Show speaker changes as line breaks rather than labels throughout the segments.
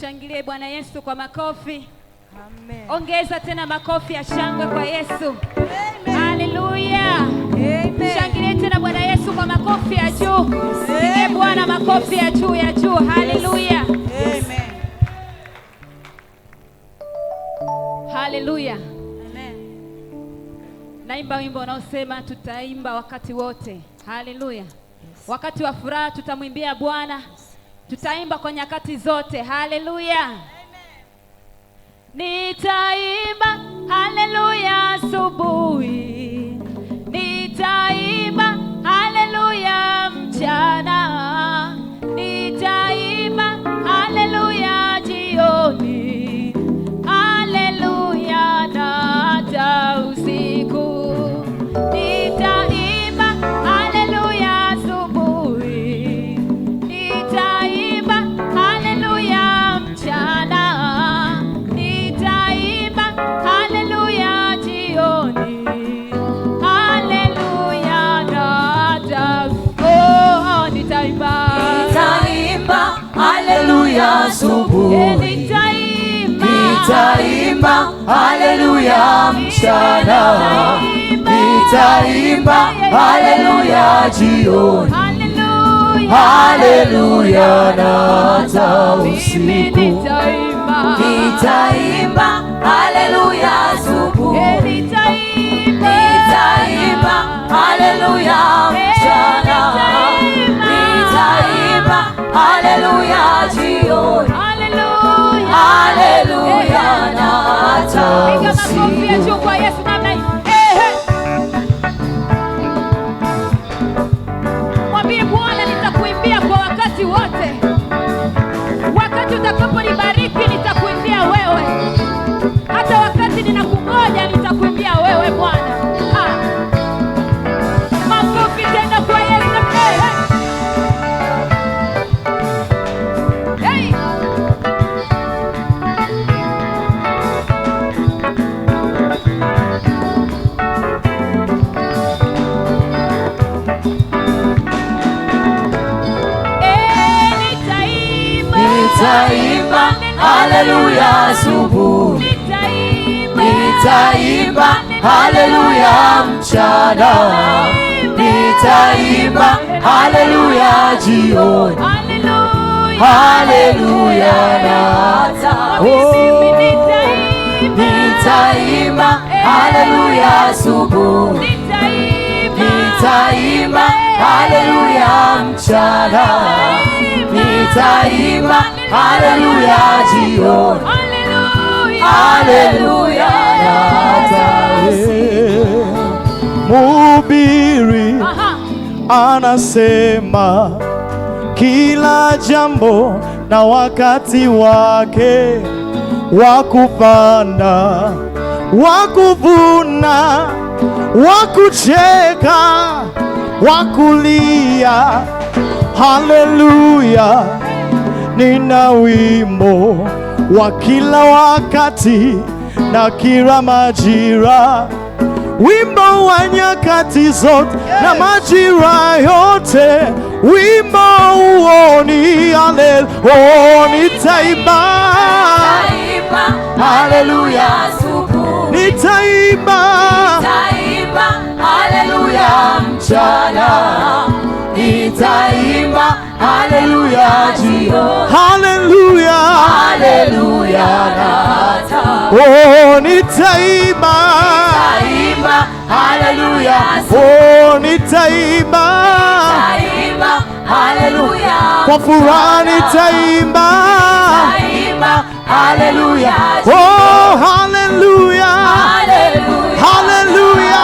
Shangilie Bwana Yesu kwa makofi. Amen. Ongeza tena makofi ya shangwe kwa Yesu. Haleluya. Shangilie tena Bwana Yesu kwa makofi ya juu. Pigie Bwana makofi ya juu ya juu. Haleluya. Amen. Haleluya. Amen. Naimba wimbo unaosema tutaimba wakati wote. Haleluya. Yes. Wakati wa furaha tutamwimbia Bwana. Tutaimba kwa nyakati zote. Haleluya, nitaimba haleluya asubuhi
nitaimba haleluya mchana, nitaimba haleluya jioni, haleluya nata usiku, nitaimba haleluya asubuhi, nitaimba haleluya mchana, nitaimba haleluya jioni Haleluya, na hata
usiku
nitaimba haleluya, asubuhi nitaimba haleluya, mchana nitaimba haleluya, jioni haleluya, hata nitaimba haleluya, asubuhi nitaimba haleluya, mchana nitaimba jioni,
mubiri anasema kila jambo na wakati wake, wakupanda, wakuvuna, wakucheka, wakulia. Haleluya nina wimbo wa kila wakati na kila majira, wimbo wa nyakati zote yes, na majira yote, wimbo uoni ale taiba
haleluya, nitaiba haleluya, mchana nitaiba Haleluya Jio,
haleluya,
haleluya nata.
Oh, nitaimba,
nitaimba, haleluya.
Oh, nitaimba,
nitaimba, haleluya. Kwa
furaha nitaimba,
nitaimba, haleluya. Oh,
haleluya,
haleluya, haleluya.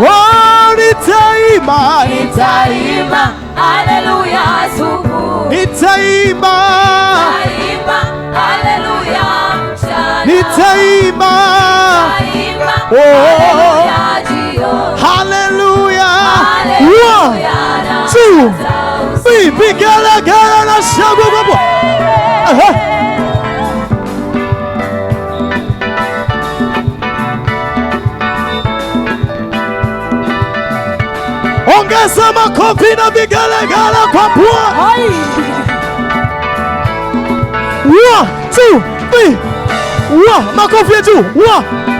Oh, nitaimba,
nitaimba
nitaimba nitaimba haleluya vigelegele oh. na shangwe kubwa ongeza makofi na vigelegele kwa Bwana One, two, three. One, makofi ya juu. One,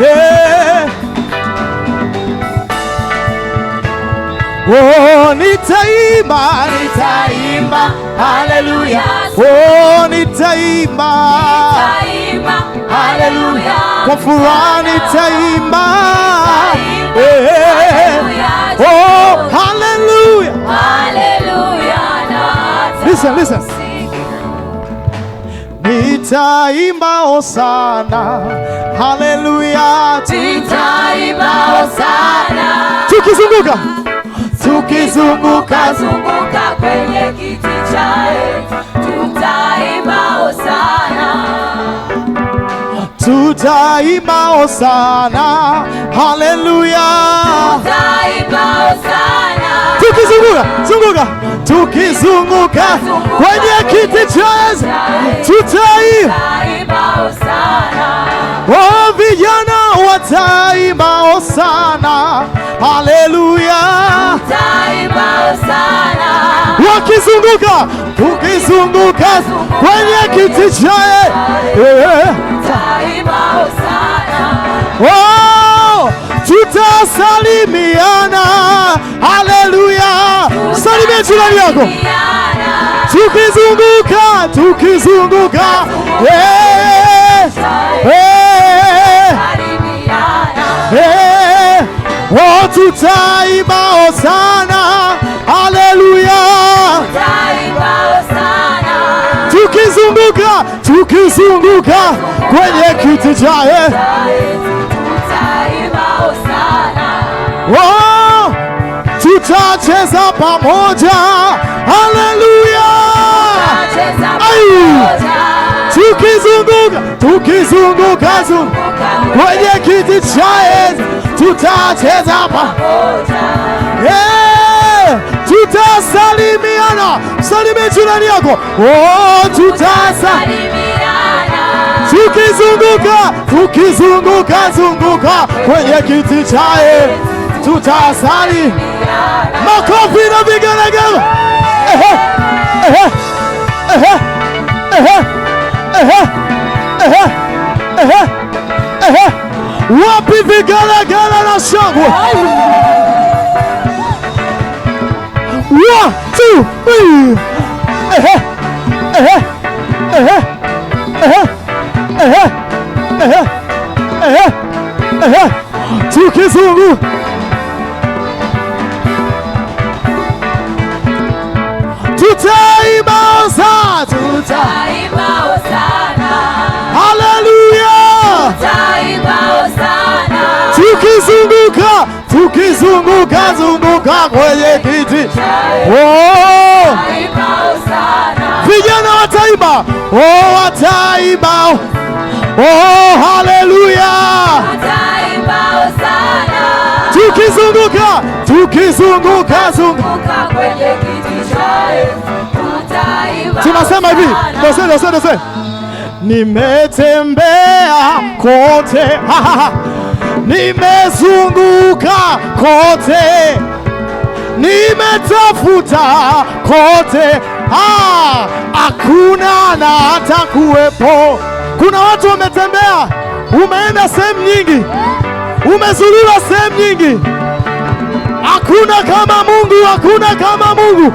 Yeah. Oh, nitaimba,
nitaimba. Hallelujah.
Oh, nitaimba.
Nitaimba. Haleluya, kwa
furaha nitaimba
eh. oh,
haleluya, nitaimba hosana, haleluya,
nitaimba hosana,
tukizunguka
tukizunguka zunguka kwenye kiti cha
tutaimba hosana, haleluya, tukizunguka zunguka, tukizunguka kwenye kiti cha enzi tutaimba
hosana,
oh vijana wataimba hosana, haleluya, wakizunguka tukizunguka kwenye kiti cha eh, Mwambie jirani yako, tukizunguka tukizunguka, watu oh, taiba hosana, haleluya, tukizunguka tukizunguka kwenye kiti chake chache za pamoja. Haleluya! Tukizunguka tukizunguka kwenye kiti cha tutacheza pamoja tutasalimiana. Msalimie jirani yako, oh, tutasalimiana tukizunguka tukizunguka zunguka kwenye kiti chae tutasali. Makofi na vigelegele. Wapi vigelegele na shangwe? One, two, three. Nimezunguka kwenye kiti, vijana wataiba, oh, wataiba, oh, haleluya, tukizunguka tukizunguka
tunasema hivi
dose dose dose, nimetembea kote nimezunguka kote, nimetafuta kote, hakuna na hata kuwepo. Kuna watu wametembea, umeenda sehemu nyingi, umezurura sehemu nyingi, hakuna kama Mungu, hakuna kama Mungu,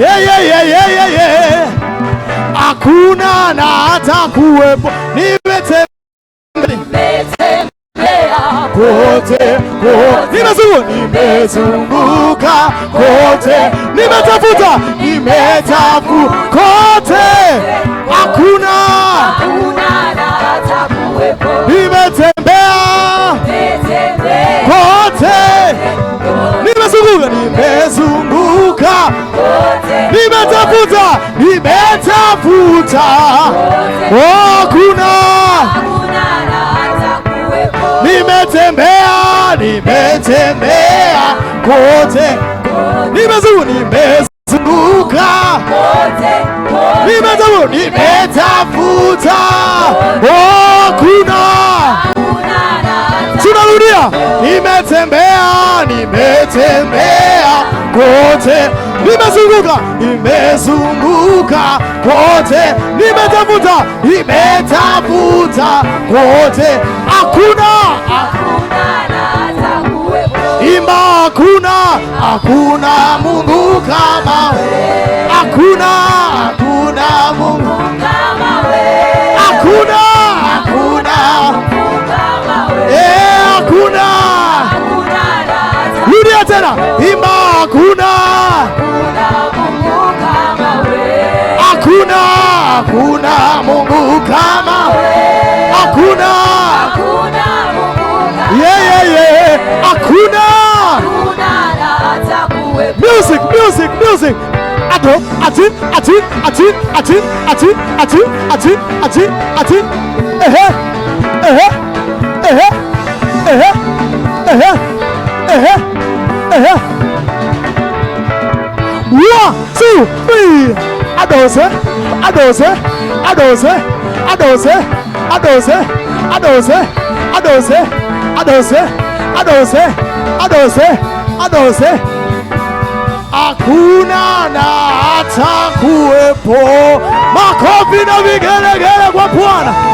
yeye yeye yeye, hakuna na hata kuwepo, nimetembea kote nimezunguka kote, nimetafuta nimetafu kote, hakuna nimetembea kote, nimezunguka nimezunguka, nimetafuta nimetafuta, hakuna nimetembea, nimetembea kote, nimezunguka kote, nimetafuta, kuna tunarudia, nimetembea, nimetembea kote, nimezunguka, nimezunguka kote, nimetafuta, nimetafuta kote, hakuna hakuna Mungu kama wewe, hakuna
hakuna Mungu kama wewe,
hakuna
hakuna Mungu kama
wewe, eh hakuna
hakuna dada.
Rudia tena, imba hakuna
hakuna Mungu kama wewe,
hakuna hakuna Mungu kama wewe, hakuna music. Ado, ati, ati, ati, ati, ati, ati, ati, ati, ati. Eh, eh, eh, eh, eh, eh, eh, eh. One, two, three. Adose, adose, adose, adose, adose, adose, adose, adose, adose, adose, adose, adose. hakuna na hata kuwepo. Makofi na vigelegele kwa Bwana.